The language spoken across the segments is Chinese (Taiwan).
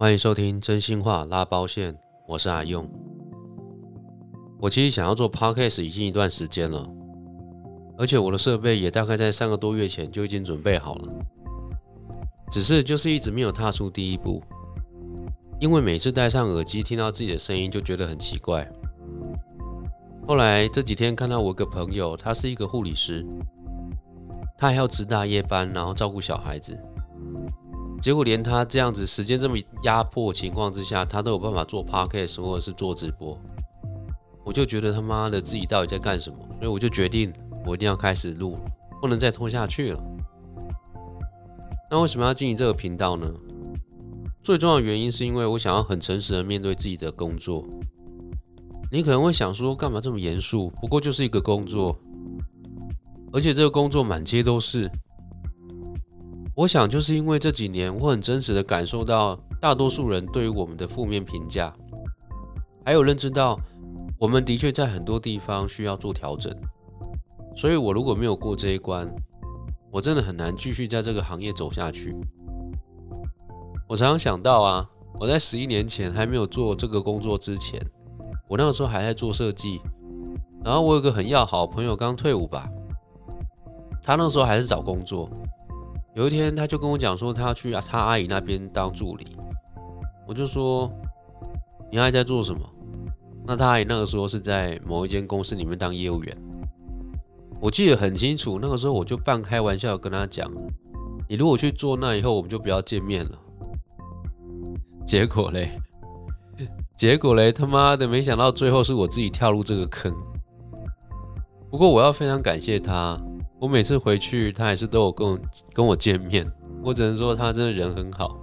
歡迎收聽真心話拉包餡，我是阿用。我其實想要做 Podcast 已經一段時間了，而且我的設備也大概在三個多月前就已經準備好了，只是就是一直沒有踏出第一步，因為每次戴上耳機聽到自己的聲音就覺得很奇怪。後來這幾天看到我一個朋友，他是一個護理師，他還要值大夜班，然後照顧小孩子。結果連他這樣子，時間這麼壓迫情況之下，他都有辦法做 podcast 或者是做直播。我就覺得他媽的自己到底在幹什麼？所以我就決定，我一定要開始錄，不能再拖下去了。那為什麼要經營這個頻道呢？最重要的原因是因為我想要很誠實的面對自己的工作。你可能會想說，幹嘛這麼嚴肅？不過就是一個工作，而且這個工作滿街都是。我想，就是因為這幾年，我很真實的感受到大多數人對於我們的負面評價，還有認知到我們的確在很多地方需要做調整。所以，我如果沒有過這一關，我真的很難繼續在這個行業走下去。我常常想到啊，我在十一年前還沒有做這個工作之前，我那個時候還在做設計，然後我有個很要好的朋友剛退伍吧，他那個時候還是找工作。有一天，他就跟我講說，他要去他阿姨那邊當助理。我就說，你阿姨在做什麼？那他阿姨那個時候是在某一間公司裡面當業務員。我記得很清楚，那個時候我就半開玩笑跟他講，你如果去做那以後，我們就不要見面了。結果嘞，結果嘞，他媽的，沒想到最後是我自己跳入這個坑。不過我要非常感謝他。我每次回去，他還是都有跟我跟我見面。我只能說，他真的人很好。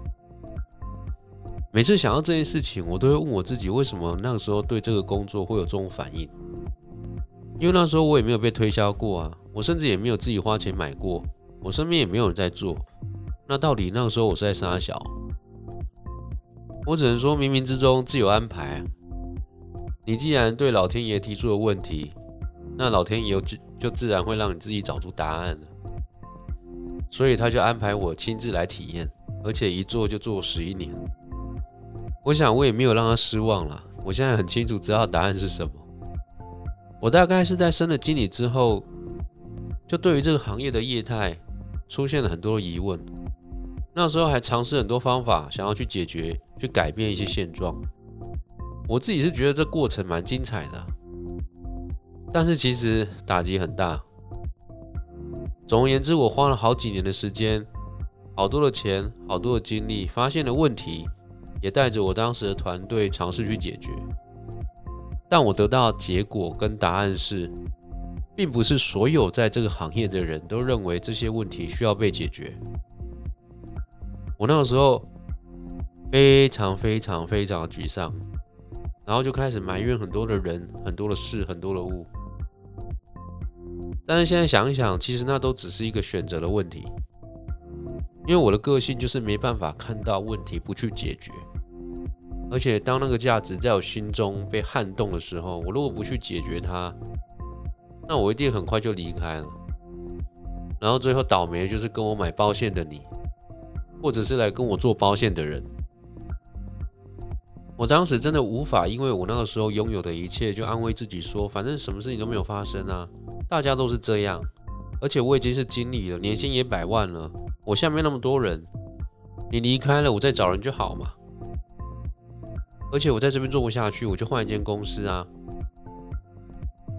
每次想到這件事情，我都會問我自己，為什麼那個時候對這個工作會有這種反應？因為那時候我也沒有被推銷過啊，我甚至也沒有自己花錢買過，我身邊也沒有人在做。那到底那個時候我是在殺小？我只能說，冥冥之中自有安排啊。你既然對老天爺提出了問題。那老天爺就就自然會讓你自己找出答案了，所以他就安排我親自來體驗，而且一做就做十一年。我想我也沒有讓他失望了。我現在很清楚知道答案是什麼。我大概是在升了經理之後，就對於這個行業的業態出現了很多疑問。那時候還嘗試很多方法，想要去解決、去改變一些現狀。我自己是覺得這過程蠻精彩的。但是其實打擊很大。總而言之，我花了好幾年的時間，好多的錢，好多的精力，發現了問題，也帶着我當時的團隊嘗試去解決。但我得到的結果跟答案是，並不是所有在這個行業的人都認為這些問題需要被解決。我那個時候非常非常非常沮喪，然後就開始埋怨很多的人、很多的事、很多的物。但是現在想一想，其實那都只是一個選擇的問題。因為我的個性就是沒辦法看到問題不去解決。而且當那個價值在我心中被撼動的時候，我如果不去解決它，那我一定很快就離開了。然後最後倒霉就是跟我買包餡的你，或者是來跟我做包餡的人。我當時真的無法，因為我那個時候擁有的一切，就安慰自己說，反正什麼事情都沒有發生啊。大家都是這樣，而且我已經是經理了，年薪也百萬了。我下面那麼多人，你離開了，我再找人就好嘛。而且我在這邊做不下去，我就換一間公司啊。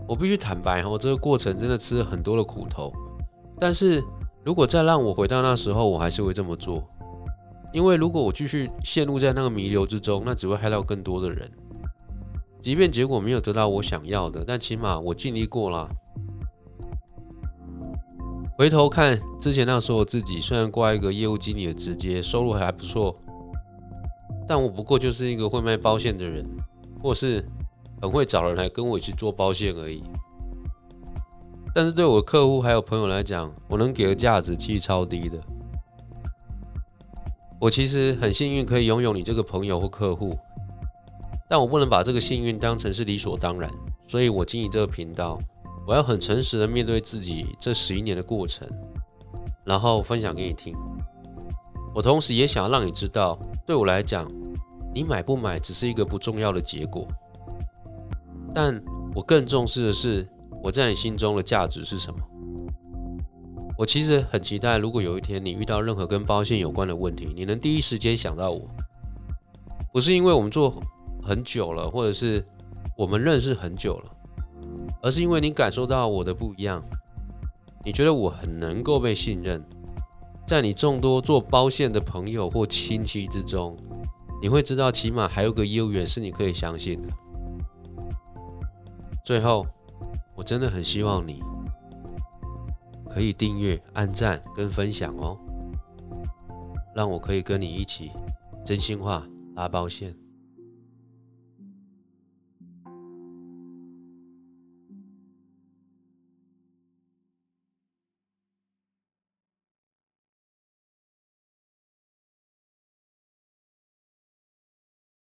我必須坦白哈，我這個過程真的吃了很多的苦頭。但是如果再讓我回到那時候，我還是會這麼做。因為如果我繼續陷入在那個迷流之中，那只會害到更多的人。即便結果沒有得到我想要的，但起碼我盡力過了。回頭看之前那時候我自己，雖然掛一個業務經理的職階，收入還不錯，但我不過就是一個會賣保險的人，或是很會找人來跟我去做保險而已。但是對我的客戶還有朋友來講，我能給的價值其實超低的。我其實很幸運可以擁有你這個朋友或客戶，但我不能把這個幸運當成是理所當然，所以我經營這個頻道。我要很誠實的面對自己這十一年的過程，然後分享給你聽。我同時也想要讓你知道，對我來講，你買不買只是一個不重要的結果。但我更重視的是我在你心中的價值是什麼。我其實很期待，如果有一天你遇到任何跟包餡有關的問題，你能第一時間想到我，不是因為我們做很久了，或者是我們認識很久了。而是因為你感受到我的不一樣，你覺得我很能夠被信任，在你眾多做包餡的朋友或親戚之中，你會知道起碼還有個業務員是你可以相信的。最後，我真的很希望你可以訂閱、按讚跟分享哦，讓我可以跟你一起真心話拉包餡。